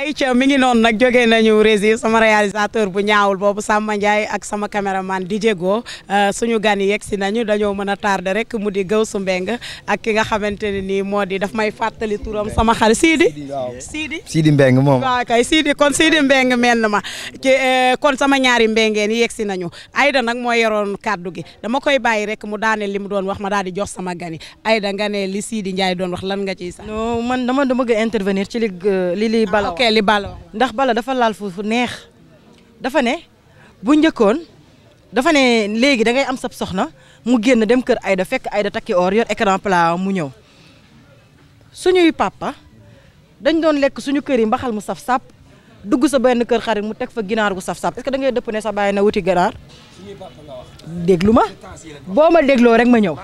ayca mi ngi noonu nag jógee nañu rési sama réalisateur bu ñaawul boobu Samba Ndiaye ak sama caméraman di Diego euh, suñu gan yi yegg si nañu dañoo mën a tardé rek mu di Gawsu Mbeng ak ki nga xamante ne nii moo di daf may fàttali turam sama xarit Sidi. Sidi Sidi Mbeng moom. waaw kay Sidi kon Sidi Mbeng mel na ma ci euh, kon sama ñaari mbengeen yi yegg si nañu Aida nag moo yoroon kaddu gi dama koy bàyyi rek mu daane li mu doon wax ma daal di jox sama gan ay da nga ne li Sidi Ndiaye doon wax lan nga ci li euh, tegalee li ndax bala dafa laal foofu neex dafa ne bu njëkkoon dafa ne léegi dangay am sab soxna mu génn dem kër Aïda fekk Aïda takki or yor écran plat mu ñëw suñuy papa dañ doon lekk suñu kër yi mbaxal mu saf sàpp dugg sa benn kër xarit mu teg fa ginaar gu saf sàpp est-ce dëpp ne sa bàyyi na wuti ginaar déglu ma boo ma dégloo rek ma ñëw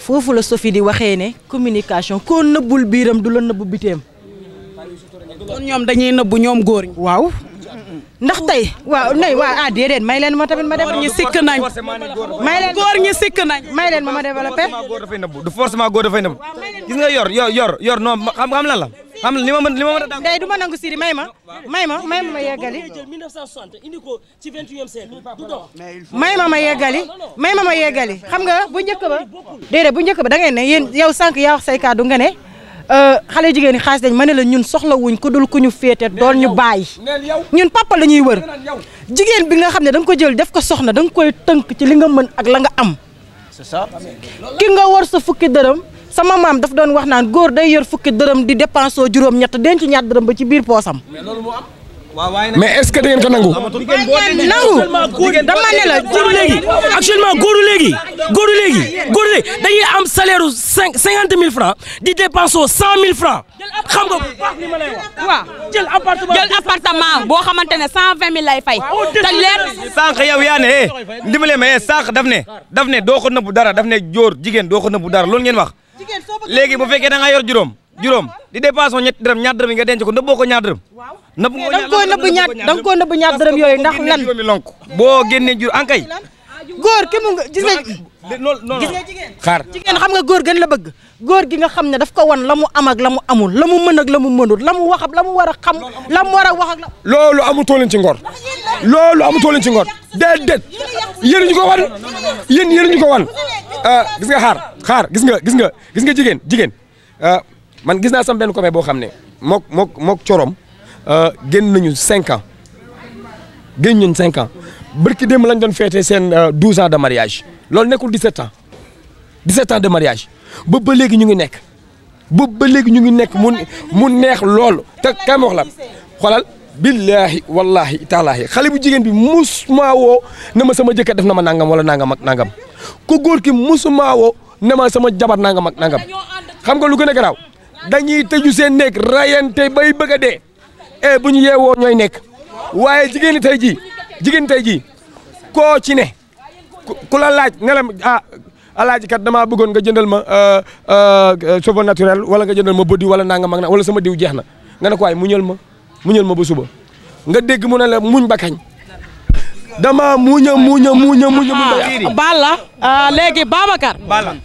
foofu la Sophie di waxee ne communication koo nëbbul biiram du la nëbb biteem. kon ñoom dañuy nëbbu ñoom góor ñi. waaw. ndax tey waaw nay waaw ah déedéet may leen ma tamit ma defar. góor ñi sikk nañ may leen góor ñi sikk nañ. leen ma ma développé. du forcément góor dafay nëbbu gis nga yor yor yor yor non xam xam lan la. xam li ma mën li ma mën a daan. tey du ma nangu Siri may ma may ma may ma ma yeggali. may ma ma yeggali may ma ma yeggali xam nga bu njëkk ba. déedéet bu njëkk ba da ngay ne yéen yow sànq yaa wax say kàddu nga ne euh, xale jigéen ñi xaalis dañ ma ne la ñun soxla wuñ ku dul ku ñu féete dool ñu bàyyi ñun papa la ñuy wër jigéen bi nga xam ne danga ko jël def ko soxna da nga koy tënk ci li nga mën ak la nga am. c'est ça ki nga war sa fukki dërëm. sama maam daf doon wax naan góor day yor fukki dërëm di dépensé juróom ñett denc ñaar dërëm ba ci biir poosam. mais loolu moo am. waaw waaye mais est-ce que da ngeen ko nangu. nangu dama ne la góoru léegi actuellement góoru léegi góor léegi góoru dañuy am salaire u cinq cinquante mille di dépensé cent mille francs xam nga waaw jël appartement jël appartement boo xamante ne cent vingt mille ay fay. te leer sànq yow yaa ne eh, ndimbale ma eh, sànq daf ne daf ne doo ko nëbbu dara daf ne jóor jigéen doo ko nëbbu dara loolu ngeen wax. léegi bu fekkee da nga yor juróom juróom di dépassé ñett dërëm ñaar dërëm yi nga denc ko nëbboo ko ñaar dërëm nëbb nga ko ñaar dërëm yooyu ndax lan boo génnee jur ankay góor ki mu gis nga gis nga jigéen xaar jigéen xam nga góor gën la bëgg góor gi nga xam ne daf ko wan la mu am la mu amul la mu mën ak la mu mënul la mu wax ak la mu war a xam la mu war a wax ak la loolu amutoo leen ci ngor loolu amutoo leen ci ngor déedéet yéen ñu ko wan yéen yéen ñu ko wan ah, gis nga xaar xaar gis nga gis nga gis nga jigéen jigéen ah, man gis naa sam benn copain boo xam ne mook mook mook corom ah, génn nañu cinq ans gëj ñun cinq ans barki démb lañ doon féetee seen euh, douze ans de mariage loolu nekkul dix-sept ans dix-sept ans de mariage ba ba léegi ñu ngi nekk ba ba léegi ñu ngi nekk mu mu neex loolu te kam wax la xoolal billaahi wallaahi taalaahi xale bu jigéen bi musuma woo na ma sama jëkkër def na ma nangam wala nangam ak nangam ku góor ki musuma woo na ma sama jabar nangam mag nangam xam nga lu gën a garaaw dañuy tëju seen néeg rayante bay bëgg a dee e bu ñu yeewoo ñooy nekk. waaye jigéen ñi tey jii jigéen tey jii koo ci ne ku la laaj ne la ah alaaji kat damaa bëggoon nga jëndal ma savon euh, euh, euh, naturel wala nga jëndal ma body wala naa nga mag wala sama diw jeex na nga ne ko waay muñal ma muñal ma ba nga dégg mu ne la muñ ba kañ dama muña muña muña muña muñ balla léegi Babacar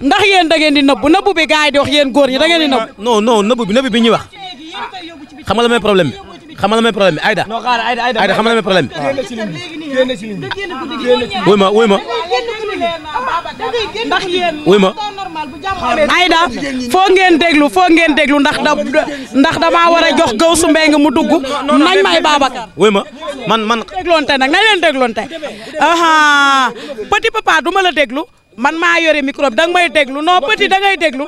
ndax yéen da ngeen di nëbb nëbb bi gars yi di wax yéen góor yi da ngeen di nëbb non non nëbb bi nëbb ñuy wax xam nga la mooy problème xam nga la may problème bi Aïda. non xaaral Aïda Aïda xam nga la may problème bi. génn ci ligne ma wuy ma. wuy ma. foo ngeen déglu foo ngeen déglu ndax da ndax damaa war a jox gaw su mbéy nga mu dugg nañ may Babacar. wuy ma man man. dégloon tey nag nañ leen dégloon tey. petit papa du ma la déglu. man maa yore micro bi danga may déglu non petit dangay déglu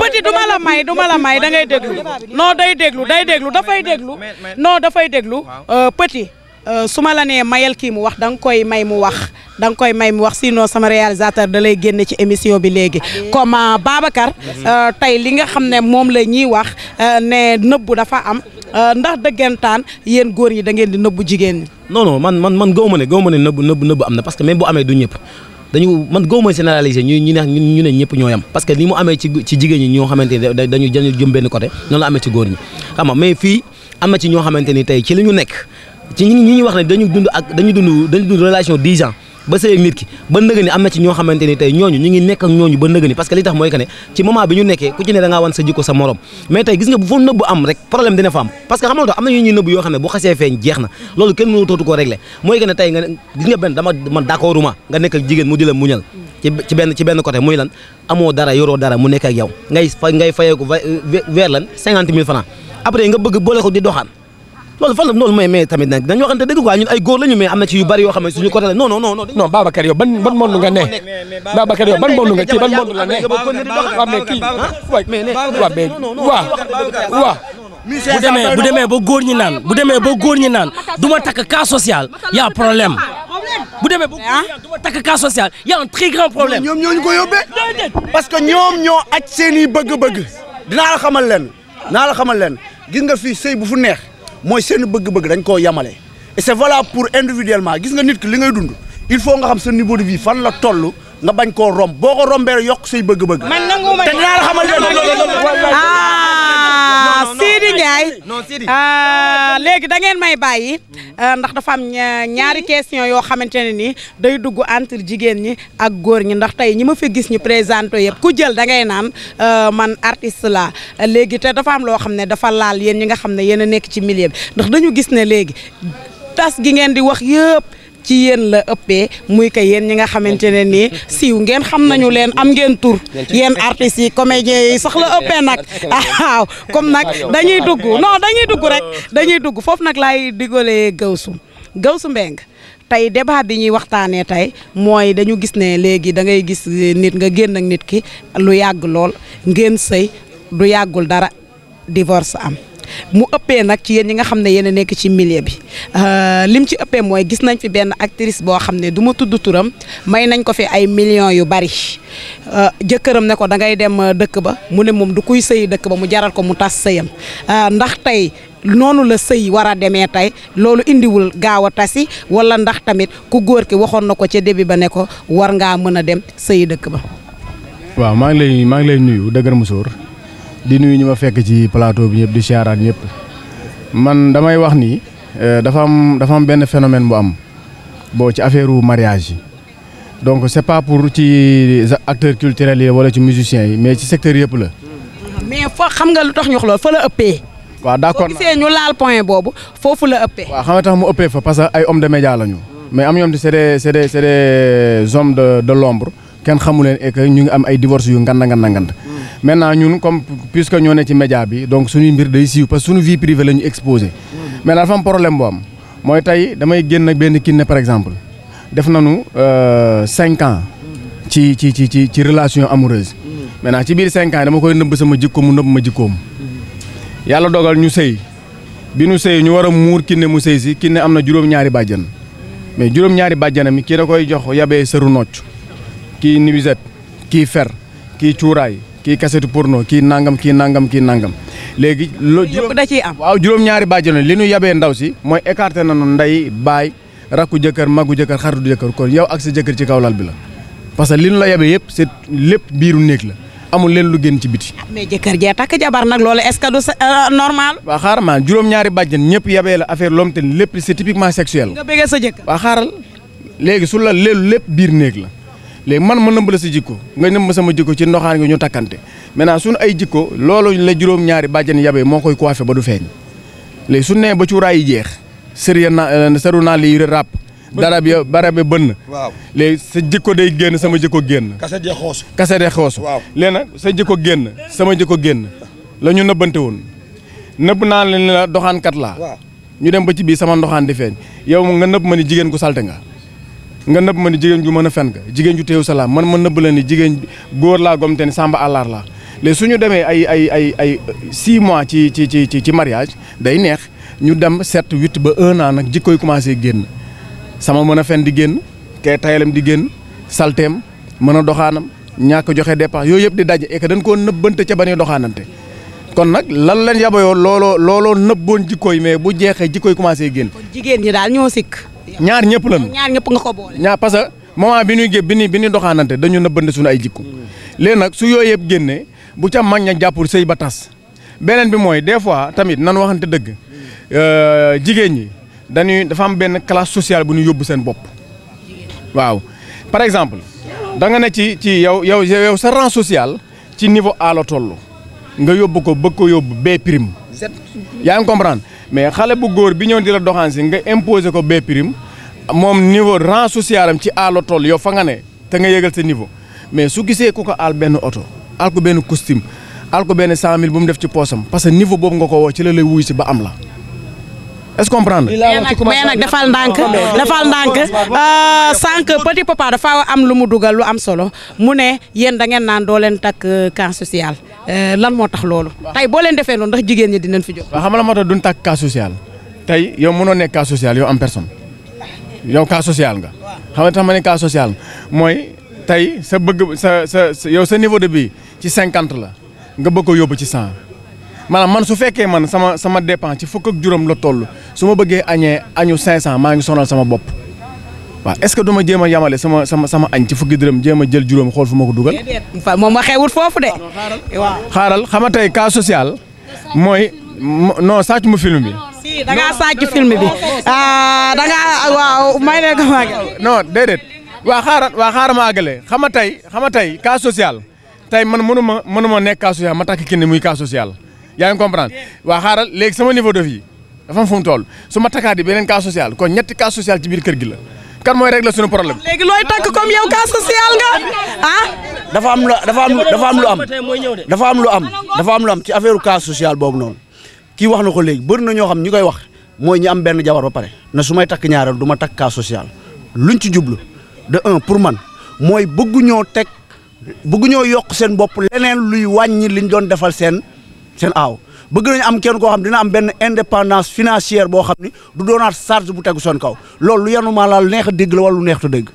petit du ma la may du ma la may dangay déglu noo day déglu day déglu dafay déglu non dafay déglu euh, petit euh, su ma la nee mayal kii mu wax danga koy may mu wax danga koy may mu wax sinon sama réalisateur da lay génne ci émission bi léegi ah, comme euh, Babacar mhm. tey li nga xam ne moom la ñuy wax ne nëbbu dafa am ndax dëggantaan yéen góor ñi da ngeen di nëbbu jigéen ñi. non non man man man gëw ma ne gëw ma ne nëbbu nëbbu am na parce que même bu amee du ñëpp. dañu man góob mooy généraliser ñu ñu ne ñu ne ñëpp ñoo yam parce que ni mu amee ci ci jigéen ñi ñoo xamante ni dañu dañu jëm benn côté noonu la amee ci góor ñi xam nga mais fii am ci ñoo xamante ni tey ci li ñu nekk ci ñi ñuy wax ne dañu dund ak dañu dund dañu dund relation 10 ans ba sëy ak nit ki ba am na ci ñoo xamante ni tey ñooñu ñu ngi nekk ak ñooñu ba nëga ni parce que li tax mooy que ne ci moment bi ñu nekkee ku ci ne da ngaa wan sa jikko sa morom mais tey gis nga bu fa nëbb am rek problème dina fa am parce que am na ñu ñuy nëbb yoo bu xasee feeñ jeex loolu kenn mënu tootu ko régler mooy que ne tey gis nga benn dama man nga nekk jigéen mu di la muñal ci ci benn ci muy lan amoo dara yoroo dara mu nekk ak ngay ngay après nga bëgg boole ko di loolu fan la loolu mooy mais tamit nag dañu waxante dëgg quoi ay góor lañu mais am na ci yu bari yoo xam ne la non non non. non Babacar yow ban ban monde nga ne. Babacar yow ban monde nga kii ban monde la ne. waaw mais kii waay waaw mais waaw waaw. bu demee bu demee ba góor ñi naan bu demee ba góor ñi naan eh, ah. du ma takk cas social y' a problème. bu demee ba du ma takk cas social y' a un très grand problème. ñoom ñoo ñu ko yóbbee. parce que ñoom ñoo aj seen i bëgg-bëgg. dinaa xamal leen dinaa xamal leen gis nga fii sëy bu neex mooy seen bëgg-bëgg dañ koo yamale et c'est valable pour individuellement gis nga nit ki li ngay dund il faut nga xam sa niveau de vie fan la toll nga bañ koo romb boo ko rombee yokk say bëgg-bëgg. man nangu ma te dinaa la xamal ah Sidi Ndiaye ah, léegi da ngeen may bàyyi ah, ndax dafa am ñaari question yoo xamante ne ni day dugg entre jigéen ñi ak góor ñi ndax tey ñi ma fi gis ñu présenté yëpp ku jël da ngay naan ah, man artiste la léegi te dafa am loo xam ne dafa laal yéen ñi nga xam ne yéen a nekk ci millier bi ndax dañu gis ne léegi tas gi ngeen di wax yëpp. ci yéen la ëppee muy que yéen ñi nga xamante ne nii siiw ngeen xam nañu leen am ngeen tur yéen artistes yi comédiens yi sax la ëppee nag waaw comme nag dañuy dugg non dañuy dugg rek dañuy dugg foofu nag laay digalee Gawsu Gawsu Mbengue tey débat bi ñuy waxtaanee tey mooy dañu gis ne léegi da ngay gis nit nga génn ak nit ki lu yàgg lool ngeen sëy du yàggul dara divorce am mu ëppee nag ci yéen ñi nga xam ne yéen nekk ci milieu bi euh, lim ci ëppee mooy gis nañ fi benn actrice boo xam ne duma tudd turam may nañ ko fi ay millions yu bari euh, jëkkëram ne ko da ngay dem euh, dëkk ba mu ne moom du kuy sëyi dëkk ba mu jaral ko mu tas sëyam ndax tey noonu la sëy war a demee tey loolu indiwul gaaw a tasi wala ndax tamit ku góor ki waxoon na ko ca début ba ne ko war ngaa mën a dem sëyi dëkk ba. waaw maa ngi lay maa ngi lay nuyu dëgër musóor di nuyu ñi ma fekk ci plateau bi ñëpp di siyaaraat ñëpp man damay wax nii euh, dafa am dafa am benn phénomène bu am boo ci affaire mariage yi donc c'est pas pour ci acteurs culturels yi wala ci musiciens yi mais ci secteur yëpp la. mais foo xam nga lu tax ñu wax loolu fa la ëppee. waaw na soo gisee ñu laal point boobu foofu la ëppee. waaw xam nga tax mu ëppee fa parce que ay hommes de média la ñu. mais am ñoom c'est des c'est des c'est des hommes de l'ombre kenn xamu leen et que ñu ngi am ay divorce yu ngand ngand ngand maintenant ñun comme puisque ñoo ne ci média bi donc suñuy mbir day siiw parce que suñu vie privée la ñu exposé mais dafa am problème bu am mooy tey damay génn benn kinne par exemple def na nu euh, cinq ans ci ci ci ci ci relation amoureuse maintenant ci biir cinq ans yi dama koy nëbb sama jikko mu nëbb ma jikkoom yàlla dogal ñu sëy bi nu sëy ñu war a muur kinne mu sëy si kinne am na juróom-ñaari bàjjan mais juróom-ñaari bàjjanam yi kii da koy jox yabee sëru nocc kii nuisette kii fer kii cuuraay kii kasetu porno kii nangam kii nangam kii nangam léegi. loo juróom da ciy am. waaw juróom-ñaari bàjjenu li nu yabee ndaw si mooy na nañu nday baay rakku jëkkër magu jëkkër xaritu jëkkër kon yow ak sa jëkkër ci kaw lal bi la parce que li ñu la yabee yëpp c'est lépp biiru néeg la amul leen lu génn ci biti. Ah, mais jëkkër jee takk jabar nag loole est-ce que du euh, normal. waa xaaral maa juróom-ñaari bàjjen ñëpp yabee la affaire lom te lépp c'est typiquement sexuel. nga sa jëkkër. waa xaaral léegi su la léelu lépp biir néeg la léegi man ma nëmb la sa jikko nga nëmb sama jikko ci ndoxaan gi ñu takkante maintenant suñu ay jikko loolu la juróom-ñaari bàjjen yabe moo koy coiffé ba du feeñ léegi su nee ba cuuraay yi jeex sëriñ na euh, saru naa lii ràpp darab ya barab ya bënn waaw léegi sa jikko génn sama jikko génn kase dee xoosu kase dee xoosu waaw léegi nag sa jikko génn sama jikko génn lañu ñu nëbbante woon nëbb naa leen la doxaankat laa ñu dem ba ci biir sama ndoxaan di feeñ yow nga nëbb ma ni jigéen ku salte nga nga nëbb ma ni jigéen ju mën a fen nga jigéen ju teew salaam man ma nëbb la ni jigéen góor laa gom te ni sàmba àllaar laa léegi su ñu demee ay ay ay ay six mois ci ci ci ci mariage day neex ñu dem sept huit ba un an nag jikkoy commencé génn sama mën a fen di génn kay tayalam di génn salteem mën a doxaanam ñàkk joxe dépense yooyu yëpp di daje et que koo nëbbante ca ba doxaanante kon nag lan lañ yabayoo looloo looloo nëbboon jikkooy mais bu jeexee jikkoy commencé génn. jigéen ñi daal ñoo sikk. ñaar ñëpp lan ñaar ñëpp nga ko ñaar parce que moment bi ñuy gé bi ñuy bi ñuy doxaanante dañu nëbbante suñu ay jikko mm. léegi nag su yooyu yëpp génnee bu ca mag ña jàppul sëy batas beneen bi mooy des fois tamit nan waxante dëgg euh, jigéen ñi dañuy dafa am benn classe sociale bu ñu yóbbu seen bopp waaw par exemple da nga ne ci ci yow yow yow sa rang social ci niveau A la toll nga yóbbu ko bëgg ko yóbbu B prime yaa ngi comprendre mais xale bu góor bi ñëw di la doxaan nga imposer ko B prime moom niveau rang social am ci aalo toll yow fa nga ne te nga yëgal sa niveau mais su gisee ku ko aal benn oto aal ko benn costume aal ko benn cent mille bu mu def ci poosam parce que niveau boobu nga ko woo ci la lay wuy si ba am la est-ce que comprendre mais nag dafal ndànk dafal ndànk euh, sànq petit papa dafa am lu mu dugal lu am solo mu ne yéen da ngeen naan doo leen takk camp social Euh, lan moo tax loolu. tey boo leen defee noonu ndax jigéen ñi dinañ fi jox waaw xam la moo tax duñ tàkk tey yow mënoo nekk cas social yow am personne yow kaa sociale nga. xam ma ne cas social mooy tey sa bëgg sa sa yow sa niveau de bi ci cinquante la nga bëgg ko yóbbu ci cent maanaam man su fekkee man sama sama dépense ci fukk juróom la toll su ma bëggee añee añu cinq cent maa ngi sonal sama bopp. waaw est-ce que du ma jéem a yamale sama sama sama añ ci fukki dërëm jéem a jël juróom xool fu ma ko dugal. moom waxeewut foofu de. waaw xaaral xam nga tey cas social mooy non sàcc mu film bi. si da ngaa sàcc film bi ah da ngaa waaw may leen ko non déedéet waa xaaral waa xaaral ma àggale xam nga tey xam nga tey cas social tey man mënu ma mënu ma nekk cas social ma takk kenn muy cas social yaa ngi comprendre waa xaaral léegi sama niveau de vie dafa am fu mu su ma takkaat di beneen cas social kon ñetti cas social ci biir kër gi la. kan mooy régler problème. léegi looy takk ah? dafa am lu dafa am am lu am dafa am lu am dafa am lu am ci affaire cas social boobu noonu kii wax na ko léegi bëri na ñoo xam ñi koy wax mooy ñi am benn jabar ba pare na su may takk ñaareel du ma takk cas social luñ ci jublu de un man mooy bëgguñoo teg bëgguñoo yokk seen bopp leneen luy wàññi liñ doon defal seen seen aaw. bëgg nañu am kenn koo xam dina am benn indépendance financière boo xam ni du doonaat charge bu tegu seen kaw loolu lu yanu maa laal neex a dégg la wala lu neex te dégg.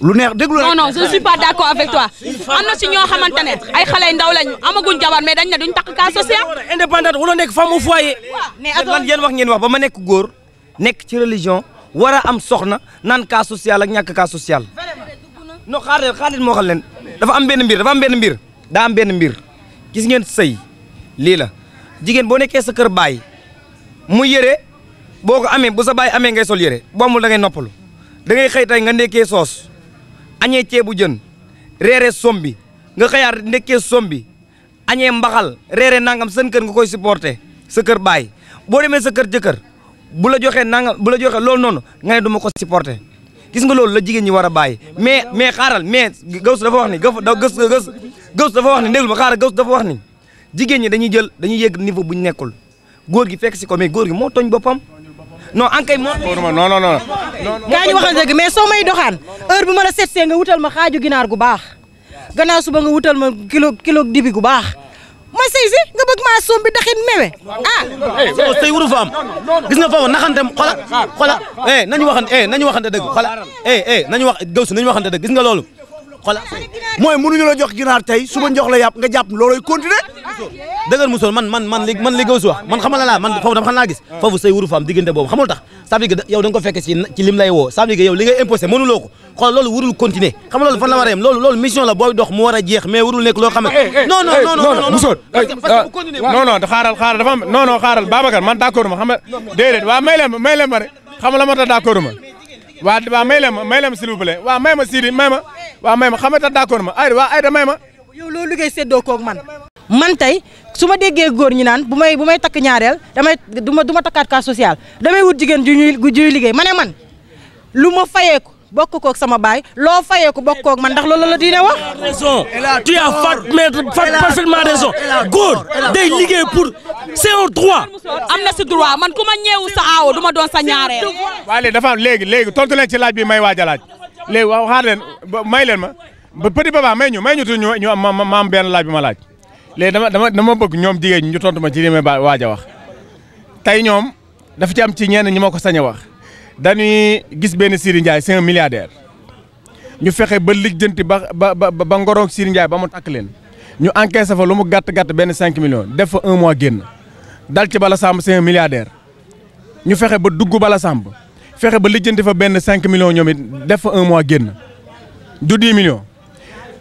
lu neex déglu non non je ne suis pas d'accord avec toi am na si ñoo xamante ne ay xale ndaw lañu amaguñ jabar mais dañ ne duñ takk cas social. indépendante wala nekk femme au foyer. waaw man yéen wax ngeen wax ba ma nekk góor nekk ci religion war a am soxna naan cas social ak ñàkk cas social. non xaaral xaaral moo xam leen dafa am benn mbir dafa am benn mbir daa am benn mbir gis ngeen sëy lii la. jigéen boo nekkee sa kër baay muy yére boo ko amee bu sa baay amee ngay sol yére boo amul da ngay noppalu da ngay xëy tey nga ndekkee soos añee ceebu jën reere sombi nga xëyaat ndekkee sombi añee mbaxal reere nangam seen kër nga koy supporté sa kër baay boo demee sa kër jëkkër bu la joxee nangam bu la joxee lool noonu nga ne du ma ko supporté gis nga loolu la jigéen ñi war a bàyyi mais mais xaaral mais Gaoussou dafa wax ni gaw gaw Gaoussou dafa wax ni déglu ma xaaral Gaoussou dafa wax ni jigéen ñi dañuy jël dañuy yëg niveau bu ñu nekkul góor gi fekk si ko mais góor gi moo tooñ boppam non ankay moo. non non non. kaa ñu waxal dëgg mais soo may doxaan heure bu ma la seetsee nga wutal ma xaaju ginaar gu baax gannaaw suba nga wutal ma kilo kilo dibi gu baax. ma sëy si nga bëgg maa sombi daxin mewe ah. Eh, soo sëy wuru fa am gis nga foofu naxante xola xola eh nañu waxante eh nañu waxante dëgg xola eh eh nañu wax gawsu nañu waxante dëgg gis nga loolu. xolaase mooy mënuñu la jox ginaar tey suba njox la yàpp nga jàpp looloy continuer dëgër musoor man man wax man xamal man foofu dama ah. wuru faam diggante boobu xamul tax ça veut dire que yow da nga ko fekk ci ci lim lay woo ça veut loolu wurul continuer xam loolu fan la a yem loolu mission la booy dox mu war jeex mais wurul nekk loo xam ne eh, eh, eh, non non non non musoor non non xaaral xaaral dafa am man d'accord ma xam may leen may leen ma waa waa may leen ma may leen ma s'il waa may ma Sidi may ma waa may ma xam nga d'accord ma ay waa Aïda may ma. yow loolu liggéey séddoo man. man tey su ma déggee góor ñi naan bu may bu may takk ñaareel damay du ma du ma takkaat social damay wut jigéen ju ñuy ju ñuy liggéey ma man lu ma fayeeku bokk koog sama baay loo fayee ko bokk koog man dax loolu la diine wax. raison tu as fat mais fat parfaitement raison góor day liggéey pour c'est un droit. am na si droit man ku ma ñeewu sa aawo doon sa ñaareel. dafa léegi léegi tontu leen ci laaj bi may waaja laaj léegi waaw xaar leen may leen ma ba petit baba may ñu may ñu tuuti ñu am ma am benn laaj bi ma laaj léegi dama dama dama bëgg ñoom jigéen ñi ñu tontu ma ci li may waaj a wax tey ñoom dafa ci am ci ñenn ñu ma ko sañ wax. dañuy gis benn Siri Ndiaye c'est un ñu fexe ba lijjanti ba ba ba ngoroog Siri Ndiaye ba mu takk leen ñu encaissé fa lu mu gàtt gàtt benn 5 millions def fa un mois génn dal ci Bala Samb c'est un milliardaire ñu fexe ba dugg Bala Samb fexe ba lijjanti fa benn 5 millions ñoom it def fa un mois génn du 10 millions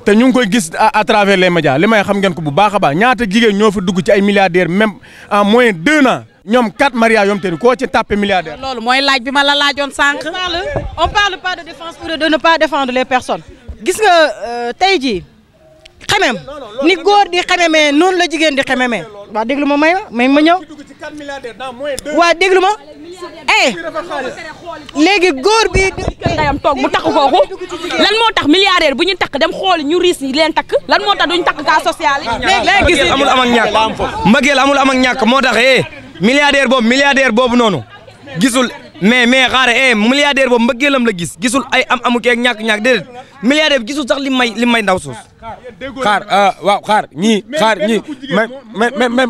te ñu ngi koy gis à travers les li may xam ngeen ko bu baax baax ñaata jigéen ñoo fi dugg ci ay milliardaires même en moins deux ans. ñoom quatre mariages yom te ni koo ci tàppe milliardaire. loolu mooy laaj bi ma la laajoon sànq. on parle on parle pas de défense ou gis nga euh, tey jii xemem ni góor di xememee noonu la jigéen di xememee waa déglu ma may ma may ma ñëw waa déglu ma eh léegi góor bi ndayam toog mu takk kooku lan moo tax milliardaire bu ñu takk dem xooli ñu riis ñi leen takk lan moo tax duñ takk cas social yi léegi amul am ak ñàkk amul am ak ñàkk moo tax eh milliardaire boobu milliardaire boobu noonu gisul mais mais xaar eh milliardaire boobu mbëggeelam la gis gisul ay am amu keeg ñàkk ñàkk déedéet milliardaire gisul sax li may li may ndaw suus. xaar ah, waaw xaar ñii xaar ñii mais mais mais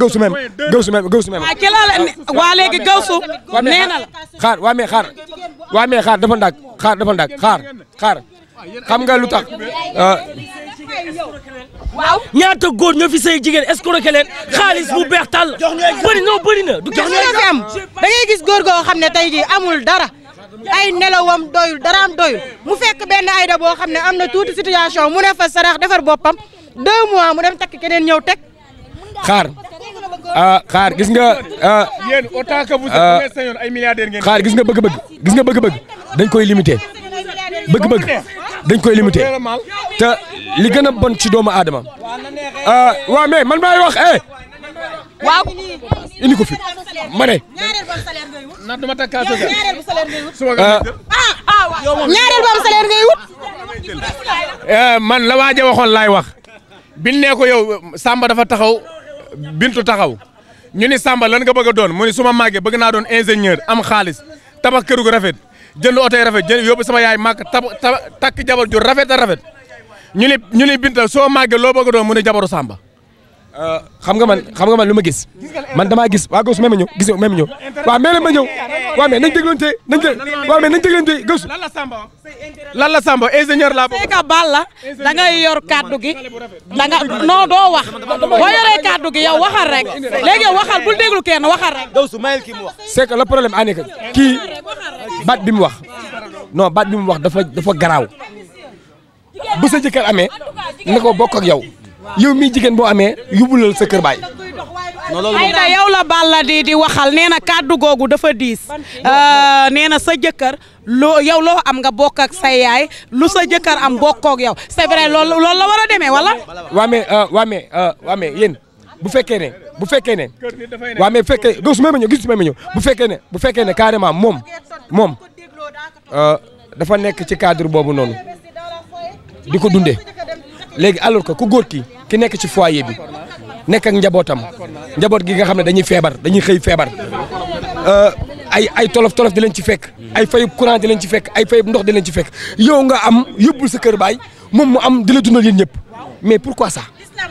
gawsu même gawsu même gawsu même. waaw ah, ci la la waa léegi gawsu. nee na la xaar waa mais xaar waa mais dafa ndàkk xaar xaar xaar xam nga lu tax. Ah, waaw ñaata góor ñoo fi say jigéen escroquer leen xaalis bu beex tàll bëri non bëri na du gis nga fi am da ngay gis góor goo xam ne tey jii amul dara ay nelawam doyul daraam doyul mu fekk benn ayda boo xam ne am na tuuti situation mu ne fa sarax defar boppam deux mu dem takk keneen ñëw teg xaar ah xaar gis nga. Ah. yéen autant que vous êtes sañoon ah. ay milliardaires ngeen. xaar gis nga bëgg-bëgg gis nga bëgg-bëgg dañ koy limité bëgg-bëgg. dañ koy limité te li gën a bon ci doomu aadama ah, waaw mais man maay wax eh. waaw ko fi ma ne. na dama takk kaas ñaareel boobu salaire ah. Ah, eh, man la waaja waxoon laay wax bin ne ko yow Samba dafa taxaw Bintu taxaw ñu ni Samba lan nga bëgg a doon mu suma su ma màggee bëgg naa doon ingénieur am xaalis tabax kër gu rafet. jënd oto yi rafet jënd yóbbu sama yaay màgg tab takk jabar ju rafet a rafet ñu ni ñu ni Binta soo màggee loo bëgg doon mu ne jabaru Samba xam nga man xam nga man lu ma gis man damaa gis waa Gawsu même ñëw gis nga même ñëw waaw mais ma ñëw waaw mais nañ déglante nañ dé waaw mais nañ déglante Gawsu. lan la Samba lan la Samba ingénieur laa bokk. Seyka Balla da ngay yor kaddu gi da nga non doo wax boo yoree kaddu gi yow waxal rek léegi waxal bul déglu kenn waxal rek. Gawsu mayel kii mu wax. c'est que le problème en est kii baat bi mu wax non baat bi mu wax dafa dafa garaaw bu sa jëkkër amee na ko bokk ak yow. yow mii jigéen boo amee yóbbulal sa kër baay. Aïda yow la Balla di di waxal nee na kàddu googu dafa diis euh, nee na sa jëkkër loo yow loo am nga bokk ak say lu sa jëkkër am bokkook yow c'est vrai loolu loolu la war a demee wala. waa mais euh, waa mais euh, waa mais yéen bu fekkee ne bu fekkee ne waa mais bu fekkee doo su ma ñëw bu fekkee ne bu ne carrément moom moom dafa nekk ci cadre boobu noonu di ko dundee léegi alors que ku góor ki nekk ci foyer bi nekk ak njabootam njaboot gi nga xam ne dañuy feebar dañuy xëy feebar euh, ay ay tolof tolof di leen ci fekk ay fayub courant di leen ci fekk ay fayub ndox di leen ci fekk yow nga am yóbbul sa kër baay moom mu am di la dundal yéen ñëpp mais pourquoi ça.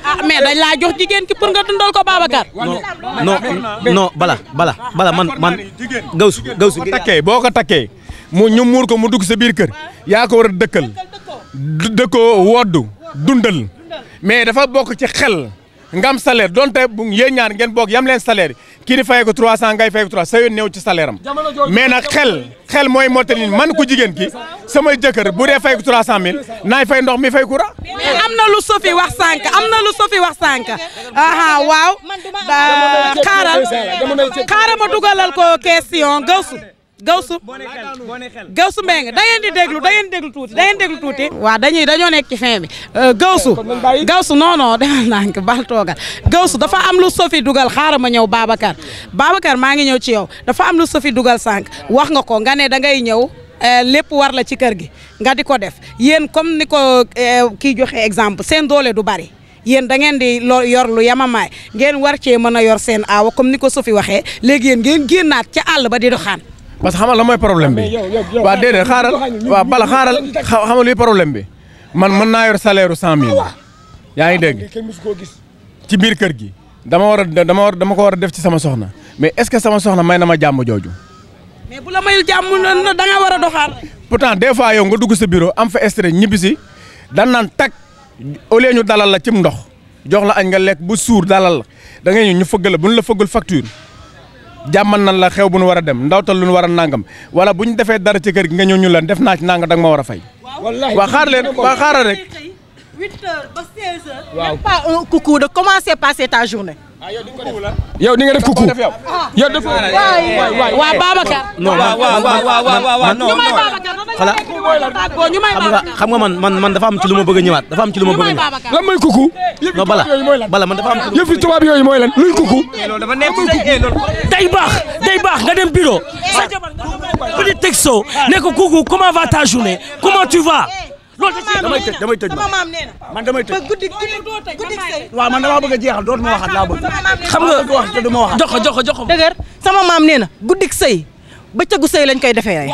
ah mais dañ laa jox jigéen ki pour nga dundal ko Babacar. non non non bala bala bala man man gawsu gawsu takkee boo ko takkee mu ñu muur ko mu dugg sa biir kër yaa ko war a dëkkal dëkkoo woddu dundal. mais dafa bokk ci xel nga am salaire donte bu yéen ñaar ngeen bokk yam leen salaire kii di fay ko 300 ngay fay ko 300 sa yoon ci salaire am mais na xel xel mooy mottali man ku jigéen ki samay jëkkër bu dee fay ko 300000 naay fay ndox mi fay courant. mais am na lu sofi wax sànq am na lu sofi wax sànq aha waaw xaaral xaaral ma dugalal ko question gëstu. Gawsu Gawsu Mbengue da ngeen di déglu da ngeen di déglu tuuti da ngeen déglu tuuti. waa dañuy dañoo nekk ci fin bi euh, Gawsu Gawsu non non defal naa ko bal toogal Gawsu dafa am lu sofi dugal xaaral ma ñëw Babacar Babacar maa ngi ñëw ci yow dafa am lu sofi dugal sànq wax nga ko nga ne da ngay ñëw. Euh, lépp war la ci kër gi nga di ko def yéen comme ni ko euh, kii joxe exemple seen doole du bari yéen da ngeen di lo yor lu yamamaay ngeen war cee mën a yor seen aawa comme ni ko Sophie waxee léegi yéen ngeen naat ci àll ba di doxaan parce que xamal la mooy problème bi waaw déedéet xaaral waaw bala xaaral xamal luy problème bi man mën naa yor salaire u cent yaa ngi dégg ci biir kër gi dama war a dama war dama ko war a def ci sama soxna mais est-ce que sama soxna may na ma jàmm jooju. mais bu la mayul jàmm da nga war a doxaar. pourtant des fois yow nga dugg sa bureau am fa estre ñibbi si daan naan tag au lieu ñu dalal la cim ndox jox la añ nga lekk bu suur dalal la da ngay ñu ñu fëgg la bu ñu la fëggul facture. jàmmal nan la xew bu nu war a dem ndawtal lu nu war a nangam wala bu ñu defee dara ci kër gi nga ñëw ñu lan def naa ci nangam danga ma war a fay. waa xaar leen waa a rek huit heures ba seize heures. de comment ta journée. ah yow di nga def yow di nga def coucou. yow def waay waay waa Babacar. non waaw waaw waaw waaw non non xalaat xam nga xam nga man man man dafa am ci lu ma bëgg a ñëwaat dafa am ci lu a ñëwaat. bala bala man dafa am. yëf luy coucou. Eh, eh, day baax day baax nga dem bureau. Eh, sa jabar nga dem bureau. petit va ta journée tu vas. loolu da damay tëj damay tëj ma man damay tëj man damaa a jeexal dootuma waxaat laa bëgg xam nga wax te duma waxaat jox ko jox ko jox ko dëgër sama maam nee na guddik sëy bëccëgu sëy lañ koy defee rek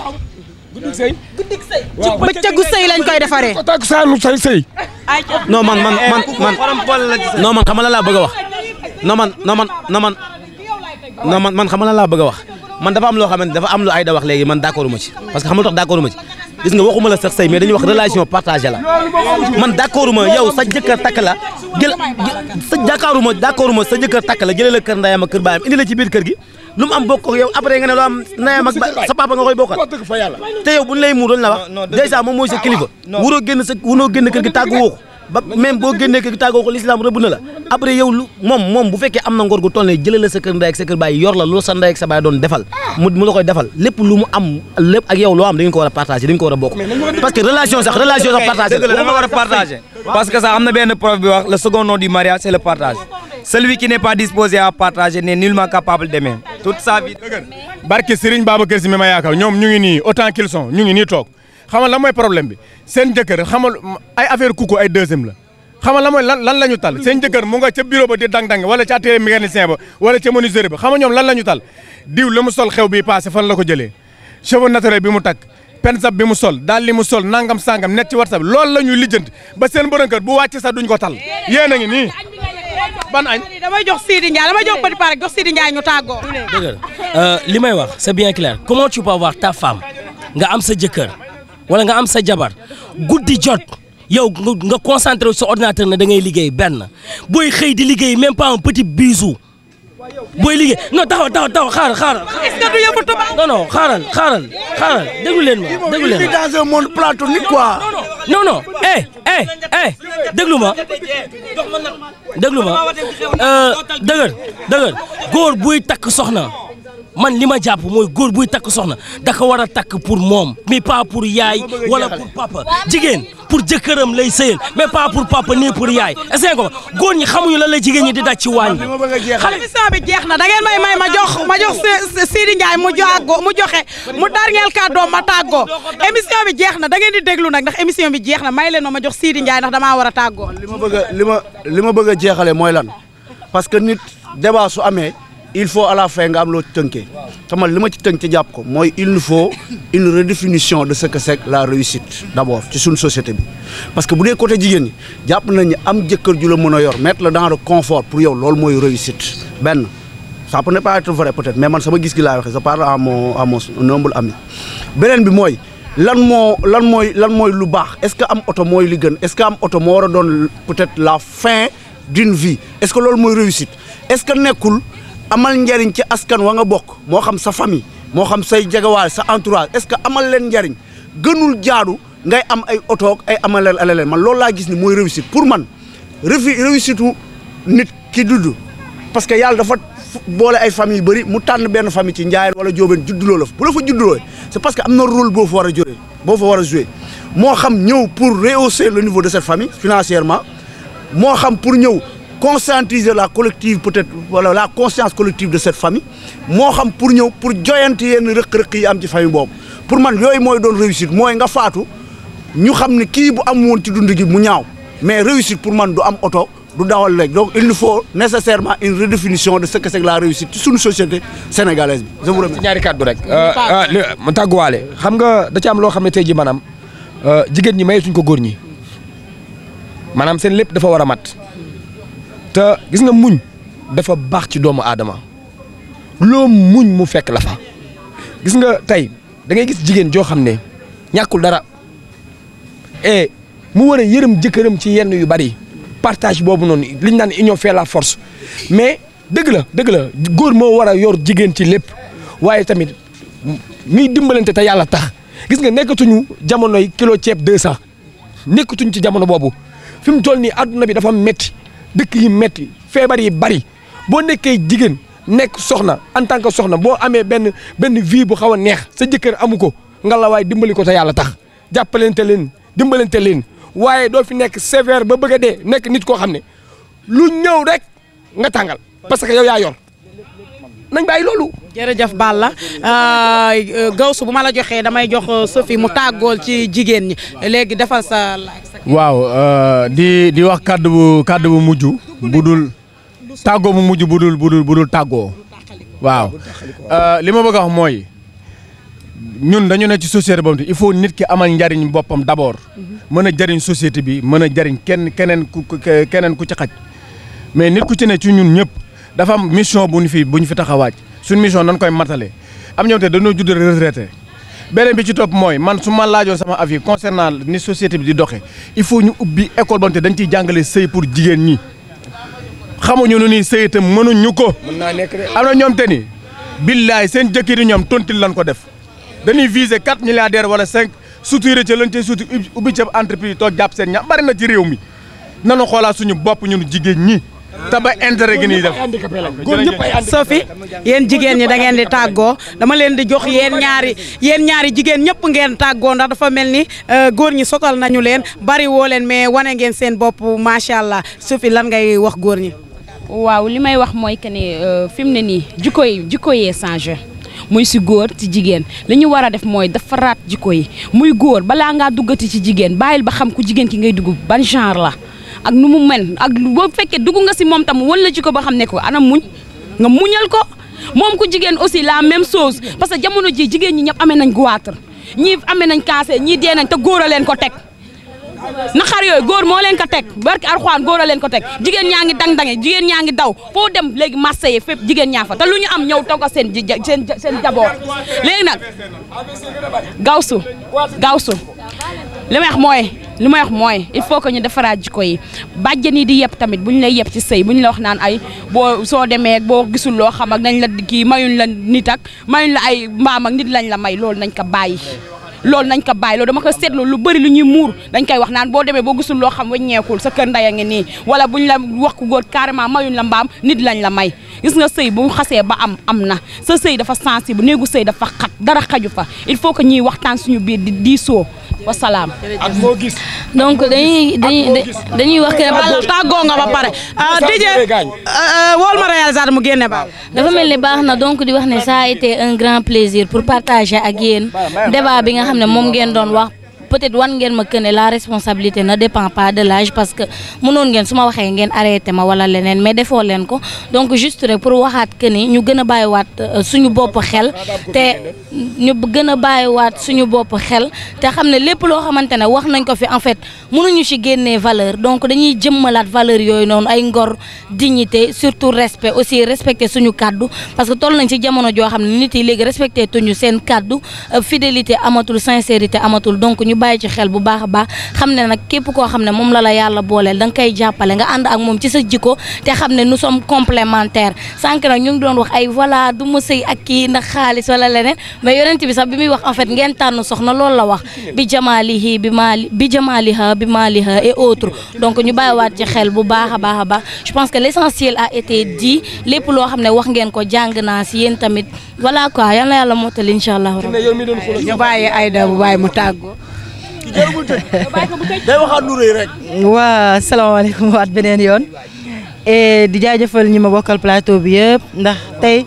guddik sëy guddik sëy ci bëccëgu sëy lañ koy defaree takk saanu sëy sëy non man man man man non man xam nga laa bëgg a wax non man non man non man non man man xam nga laa bëgg wax man dafa am loo xamante dafa am lu ay da wax léegi man d'accorduma ci parce que xam nga tax d'accorduma ci gis nga waxuma la sax sëy mais dañuy wax relation partagée la man d'accorduma yow sa jëkkër takk la jël sa d'accorduma d'accorduma sa jëkkër takk la jëlee la kër ndayam ak kër baayam indi la ci biir kër gi lu mu am bokk ak yow après nga ne am ndayam ak sa papa nga koy bokkal te yow bu ñu lay muur doon la wax dèjà moom mooy sa ah, kilifa waroo génn sa waroo génn kër gi tàggu woo ba même boo génnee kër tàggoo ko lislaam rëbb na la après yow lu moom moom bu fekkee am na ngor gu toll ne jëlee la sa kër ndey baay yor la loolu sa ndey ak doon defal mu mu defal lépp lu mu am lépp ak loo am da ko war a partagé da ngeen ko war a bokk parce que relation sax relation sax a am na benn prof bi barke Serigne Babacar Si ma yaakaar ñoom ñu nii autant qu'ils sont nii toog xam nga mooy problème bi seen jëkkër xamal ay affaire kuku ay deuxième la xamal la mooy lan lan la ñu tal seen jëkkër mu nga ca bureau ba di dang-dang wala ca atelier mécanicien ba wala ca menuisier ba xama ñoom lan la tal diw la mu sol xew bi passé fan la ko jëlee cheveux naturel bi mu takk pensab bi mu sol daal li mu sol nangam sangam net ci whatsapp loolu la ñuy lijjant ba seen borom bu wàcc sax duñ ko tal yéen a ngi nii ban añ damay jox Sidi Ndiaye damay jox petit pare jox Sidi Ndiaye ñu tàggoo dëgg euh, li may wax c'est bien clair comment tu peux avoir ta am sa jëkkër wala nga am sa jabar guddi jot yow nga concentré sa ordinateur ne da ngay liggéey benn booy xëy di liggéey même pas un petit bisou booy liggéey non taxaw taxaw taxaw xaaral xaaral. est-ce que du yóbbu tubaab. non non xaaral xaaral xaaral déglu leen ma déglu leen ma dans un monde platonique quoi. non non eh eh eh déglu ma déglu ma euh, dëgër dëgër góor buy takk soxna. man li ma jàpp mooy góor buy takk soxna da ko war a takk pour moom mi pas pour yaay wala pour papa jigéen pour jëkkëram lay sëyal mais pas pour papa nii pour yaay est-ce que góor ñi xamuñu lan la jigéen ñi di daj ci waañ bi xale bi saa bi jeex na da ngeen may may ma jox ma jox Sidi Ndiaye mu joagoo mu joxe mu darngeel kàddoom ma tàggoo émission bi jeex na da ngeen di déglu nag ndax émission bi jeex na may leen ma ma jox Sidi Ndiaye ndax damaa war a tàggoo li ma bëgg li ma li ma bëgg a jeexale mooy lan parce que nit débat su amee il faut à la fin nga am loo ci tënkee tamal li ma ci tënk ci jàpp ko mooy il nous faut une redéfinition de ce que la réussite d'abord ci suñu société bi parce que bu dee côté jigéen ñi jàpp nañu am jëkkër ju la mën a yor mettre la dans le confort pour yow loolu mooy réussite benn ça peut ne pas être vrai peut-être mais man sama gis gi laay waxee je parle à mon à mon nombre ami beneen bi mooy lan moo lan mooy lan mooy lu baax est-ce que am oto mooy li gën est-ce que am oto moo war doon peut-être la fin d'une vie est-ce que loolu mooy réussite est-ce que nekkul amal njariñ ci askan wa nga bokk moo xam sa famille moo xam say jegewaal sa entourage est-ce que amal leen njariñ gënul jaadu ngay am ay otoog ay amalal alaleen man loolu laa gis ni mooy réussite pour man réussite u nit ki dudd parce que yàlla dafa boole ay famille yu mu tànn benn famille ci njaayeen wala jóobeen judduloo la fa bu la fa judduloo c'est parce que am na rôle boo fa war a jouer boo fa war a jouer moo xam ñëw pour rehausser le niveau de cette famille financièrement moo xam pour ñëw conscientiser la collective peut-être wala la conscience collective de cette famille moo xam pour ñëw pour joyante yenn rëq-rëq yi am ci famille boobu pour man yooyu mooy doon réussite mooy nga faatu ñu xam ne kii bu am woon ci dund gi mu ñaaw mais réussite pour man du am oto du dawal rek donc il ne faut nécessairement une redéfinition de ce que c'est que la réussite ci suñu société sénégalaise bi. je ñaari kàddu rek. mu euh, euh, tàgguwaale xam nga da am loo xam ne tey jii maanaam euh, jigéen ñi mayetuñ ko góor ñi maanaam seen lépp dafa war a mat. te gis nga muñ dafa baax ci doomu aadama loo muñ mu fekk la gis nga tey da ngay gis jigéen joo xam ne ñàkkul dara e mu war a yërëm jëkkëram ci yenn yu bari partage boobu noonu li ñu naan union fait la force mais dëgg la dëgg la góor moo war a yor jigéen ci lépp waaye tamit ñuy dimbalante te yàlla tax gis nga nekkatuñu jamonoy kilo ceeb 200 nekkatuñ ci jamono boobu fi mu toll nii àdduna bi dafa metti dëkk yi metti feebar yi bari boo nekkee jigéen nekk soxna en tant que soxna boo amee benn benn vie bu xaw a neex sa jëkkër amu ko nga la waaye dimbali ko te yàlla tax jàppalante leen dimbalante leen waaye doo fi nekk sévère ba bëgga a dee nekk nit koo xam ne lu ñëw rek nga tàngal parce que yow yaa yor nañ bàyyi loolu. jërëjëf Balla euh, Gawsu bu ma la joxee damay jox Sophie mu tàggool ci jigéen ñi léegi defal sa. waaw euh, di di wax kàddu bu kàddu bu mujj bu dul tàggoo bu mujj bu dul bu dul bu dul tàggoo waaw euh, li ma bëgg mooy ñun dañu ne ci société boobu il faut nit ki amal njariñ boppam d'abord mën a jariñ société bi mën a jariñ kenn keneen ku keneen ku ci xaj mais nit ku ci ne ci ñun ñëpp dafa am mission bu ñu fi bu ñu fi taxawaaj suñ mission dañ koy matale am ñoom te dañoo judd retraité beneen bi ci topp mooy man su ma laajoon sama avis concernant ni société bi di doxee il faut ñu ubbi école bante dañ ciy jàngale sëy pour jigéen ñi xamuñu nu ni sëy itam mënuñu ko. mën naa nekk de am te ni billaay seen jëkkëri ñoom tontil lañ ko def dañuy viser quatre milliardaires wala cinq suturé ca lañ cay suuti ubbi ca entreprise jàpp seen ñam bari na ci réew mi nanu xoolaat suñu bopp ñun jigéen ñi. te ba intérêt gi ñuy def Sophie yeen jigéen ñi da ngeen di tàggoo dama leen di jox yéen ñaari yéen ñaari jigéen ñëpp ngeen tàggoo ndax dafa mel ni euh, góor ñi sotal nañu leen bari woo leen mais wane ngeen seen bopp macha allah Sophie lan ngay wax góor ñi. waaw li may wax mooy que ne euh, fi mu ne nii jikko yi jikko yee sange muy si góor ci jigéen li ñu war a def mooy defaraat jikko yi muy góor balaa ngaa duggati ci jigéen bàyyil ba xam ku jigéen ki ngay dugg ban la. ak nu mu mel ak boo fekkee dugg nga si moom tam wan la ci ko ba xam ne ko ana muñ nga muñal ko moom ku jigéen aussi la même chose parce que jamono ji jigéen ñi ñëpp amee nañ guwaatar ñi amee nañ kaase ñii dee nañ te góor a leen ko teg na xar yooyu góor moo leen ko teg barki arxuaan góor a leen ko teg jigéen ñaa ngi dang-dange jigéen ñaa ngi daw foo dem léegi marché yi fépp jigéen ñaa fa te lu ñu am ñëw toog seen seen seen jaboot léegi nag gawsu gawsu li may wax mooy li ma wax mooy il faut que ñu defaraaj jikko yi bàjjen yi di yëpp tamit bu ñu la yeb ci sëy bu ñu la wax naan ay boo soo demee boo gisul loo xam ak nañ la kii mayuñ la nit ak mayuñ la ay mbaam ak nit lañ la may loolu nañ ko bàyyi loolu nañ ko bàyyi loolu dama ko seetlu lu bari lu ñuy muur dañ koy wax naan boo demee boo gisul loo xam waññeekul sa kër a nge nii wala buñ la wax ko góor carrément mayuñ la mbaam nit lañ la may gis nga sey bu xasee ba am am na sa sëy dafa sensible néegu sëy dafa xat dara xaju fa il faut que ñuy waxtaan suñu biir di diisoo wasalaam. ak moo gis donc dañuy dañuy dañuy wax que tàggoo nga ba pare. ah DJ euh, wool ma réalisateur mu génne ba dafa mel ni baax na donc di wax ne ça a été un grand plaisir pour partager ak yéen débat bi nga xam ne moom ngeen doon wax. peut-être wan ngeen ma que ne la responsabilité na dépend pas de l'âge parce que mënoon ngeen su ma waxee ngeen arrêté ma wala leneen mais defoo leen ko donc juste rek pour waxaat que ni ñu gën a waat euh, suñu bopp xel te ñu gën a bàyyiwaat suñu bopp xel te xam ne lépp loo xamante ne wax nañ ko fi en fait ñu si génnee valeur donc dañuy jëmmalaat valeur yooyu noonu ay ngor dignité surtout respect aussi respecter suñu kàddu parce que toll nañ ci jamono joo xam ne nit yi léegi respecté tuñu seen kàddu euh, fidélité amatul sincérité amatul donc bàyyi ci xel bu baax a baax xam ne nag képp koo xam ne moom la la yàlla booleel da nga koy jàppale nga ànd ak moom ci sa jikko te xam ne nous sommes complémentaires sànq nag ñu ngi doon wax ay voilà du ma sëy ak kii ndax xaalis wala leneen mais yonent bi sax bi muy wax en fait ngeen tànn na loolu la wax bi jamaalihi bi maali bi jamaaliha bi maaliha et autres donc ñu waat ci xel bu baax a baax a baax je pense que l'essentiel a été dit lépp loo xam ne wax ngeen ko jàng naa si yéen tamit voilà quoi yal na yàlla mottali incha allah. ñu day waxaat lu rëy rek. waa salaamaaleykum waat beneen yoon et di jaajëfal ñu ma bokkal plateau bi yëpp ndax tey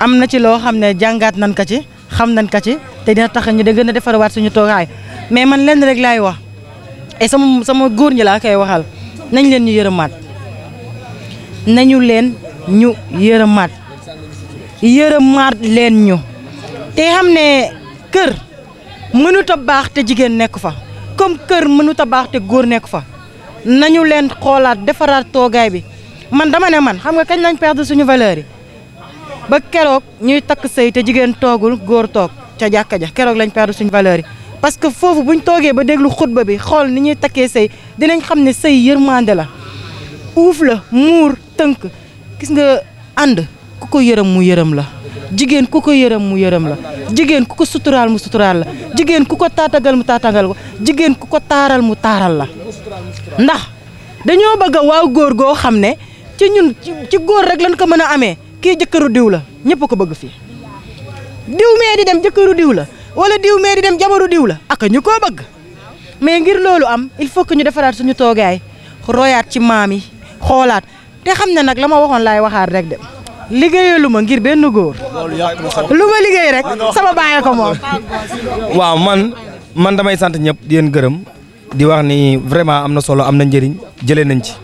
am na ci loo xam ne jàngaat nañ ko ci xam nañ ko ci te dina tax ñu da gën a defarawaat suñu toogaay mais man lenn rek laay wax et sama sama góor ñi laa koy waxaal nañ leen ñu yërëmaat nañu leen ñu yërëmaat yërëmaat leen ñu te xam ne kër. mënut a baax te jigéen nekk fa comme kër mënut a baax te góor nekk fa nañu leen xoolaat defaraat toogaay bi man dama ne man xam nga kañ lañ perdre suñu valeur yi ba keroog ñuy takk sëy te jigéen toogul góor toog ca jàkka ja keroog lañ perdre suñu valeur yi. parce que foofu buñ toogee ba déglu xutba bi xool ni ñuy takkee sëy dinañ xam ne sëy yërmande la uuf la muur tënk gis nga ànd. ku ko yërëm mu yërëm la jigéen ku ko yërëm mu yërëm la jigéen ku ko suturaal mu suturaal la jigéen ku ko taatagal mu taatagal ko jigéen ku ko taaral mu taaral la ndax dañoo bëgg waaw góor goo xam ne ci ñun ci góor rek lañ ko mën a amee kii jëkkëru diw la ñëpp ko bëgg fi diw mee di dem jëkkëru diw la wala diw mee di dem jabaru diw la ak ñu ko bëgg mais ngir loolu am il faut que ñu defaraat suñu toogaay royaat ci maam yi xoolaat te xam ne nag la ma waxoon laay waxaat rek dem liggéeyalu ma ngir benn góor. lu ma liggéey rek sama waaw man man damay sant ñëpp di leen gërëm di wax ni vraiment am na solo am na njariñ jëlee nañ ci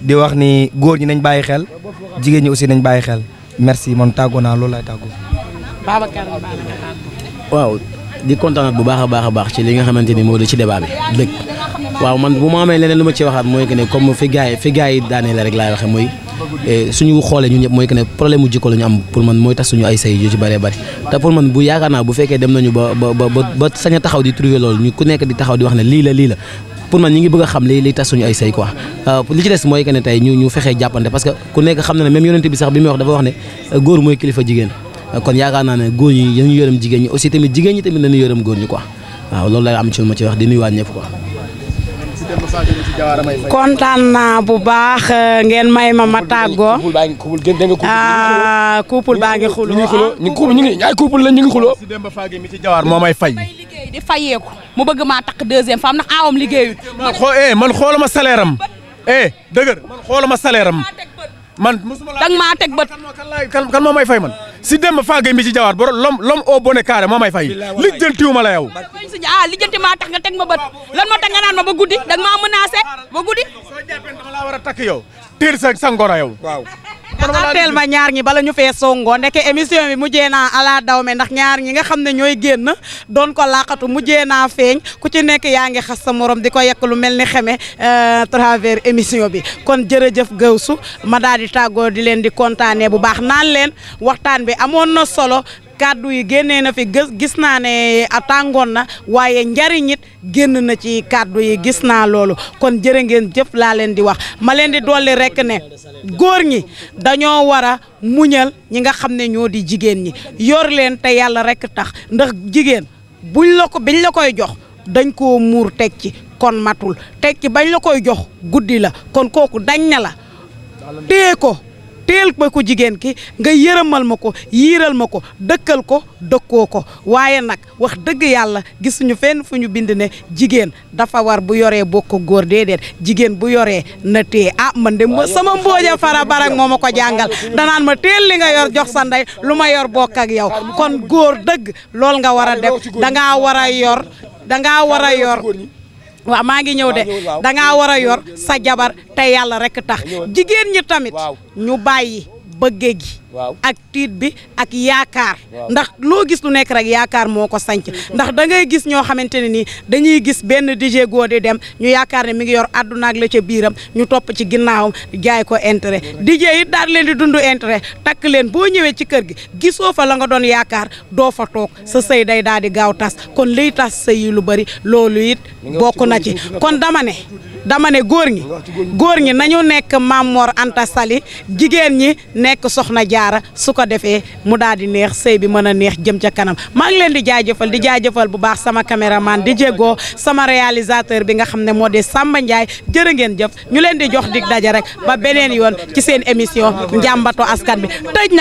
di wax ni góor ñi nañ bàyyi xel jigéen ñi ussi nañ bàyyi xel merci man tàggoo naa loolu laay tàggoo. Babacar waaw di kontaan bu baax a baax ci li nga xamante ni moo di ci débat bi dëgg waaw man bu ma amee leneen lu ma ci waxaat mooy que ne comme fi gars fi gars yi daanee la rek laay mooy. Eh, suñu xoolee ñun ñëpp mooy que ne problème mu jikko la ñu am pour man mooy tax suñu ay say yu ci bëree bëri te pour man bu yaakaar bu fekkee dem nañu ba ba taxaw di trouver loolu ñu ku nekk di taxaw di wax ne lii la lii la pour man ñi ngi bëgg a xam li li tas suñu ay say quoi euh, li ci des mooy que ne ñu ñu fexee jàppante parce que ku nekk xam na ne même yonent bi sax bi muy wax dafa wax ne euh, góor mooy kilifa jigéen euh, kon yaakaar naa ne góor ñi dañu yërëm jigéen ñi aussi tamit jigéen ñi tamit dañu yërëm góor ñi quoi waaw kontaan naa bu baax euh, ngeen may ma ma tàggoo. ah couple baa ngi xuloo ñu ngi couple ñu ngi ay couple la ñu ngi xuloo. moo may fay. di fayeeku mu bëgg maa takk deuxième femme ndax aawam liggéeyut. man xoo eh man xoolama salaire am. eh dëgër man xoolama salaire am. man mosuma laa teg bët danga maa teg bët. kan moo may fay man. si Demba Fagué mi ci jawaar borom lom lom au bonnet carré moo may fay lijjantiwuma la yow ah lijjanti maa tax nga teg ma bët lan moo tax nga naan ma ba guddi da nga maa menacé ba guddi soo jàppee dama laa war a takk yow yow waaw danga teel ma ñaar ñi bala ñu fee songoo ndeke émission bi mujjee naa ala daw me ndax ñaar ñi nga xam ne ñooy génn doon ko laqatu mujjee naa feeñ ku ci nekk yaa ngi xas sa morom di ko yekk lu mel ni xeme euh, travers émission bi kon jërëjëf Gawsu ma daal di tàggoo di leen di kontaanee bu baax naan leen waxtaan bi amoon na solo kàddu yi génne na fi gis naa ne a tàngoon na waaye njariñ it génn na ci kàddu yi gis naa loolu kon jërë ngeen jëf laa leen di wax ma leen di dolli rek ne góor ñi dañoo war a muñal ñi nga xam ne ñoo di jigéen ñi yor leen te yàlla rekk tax ndax jigéen buñ la ko biñ la koy jox dañ koo muur teg ci kon matul teg ci bañ la koy jox guddi la kon kooku dañ na la téye ko téel ma ku jigéen ki nga yërëmal ma ko yiiral ma ko dëkkal ko dëkkoo ko waaye nag wax dëgg yàlla gis gisuñu fenn fu ñu bind ne jigéen dafa war bu yoree bokk góor déedéet jigéen bu yoree na téye a ah, man de sama mbooja fara barak moo ma ko jàngal danaan ma teel li nga yor jox sa ndey lu ma yor bokk ak yow kon góor dëgg loolu nga war a def dangaa war a yor dangaa war a yor waa maa ngi ñëw de da ngaa war a yor sa jabar te yàlla rek tax jigéen ñi tamit ñu bàyyi bëgge gi waaw ak tiit bi ak yaakaar ndax loo gis lu nekk rek yaakaar moo ko sanc ndax da ngay gis ñoo xamante ne nii dañuy gis benn DJ Godé dem ñu yaakaar ne mi ngi yor àdduna ak la ca biiram ñu topp ci ginnaaw jaay ko intérêt DJ it daal leen di dund intérêt takk leen boo ñëwee ci kër gi gisoo fa la nga doon yaakaar doo fa toog sa sëy day daal di gaaw tas kon liy tas sëy yi lu bëri loolu it bokk na ci kon dama ne dama ne góor ñi góor ñi nañu nekk maam Mor Anta Sali jigéen ñi nekk Soxna Dia jaara su ko defee mu daal di neex sëy bi mën a neex jëm ca kanam maa ngi leen di jëfal di jëfal bu baax sama caméraman di jéggoo sama réalisateur bi nga xam ne moo di Samba Ndiaye jërë ngeen jëf ñu leen di jox dig daja rek ba beneen yoon ci seen émission njàmbatu askan bi tëj na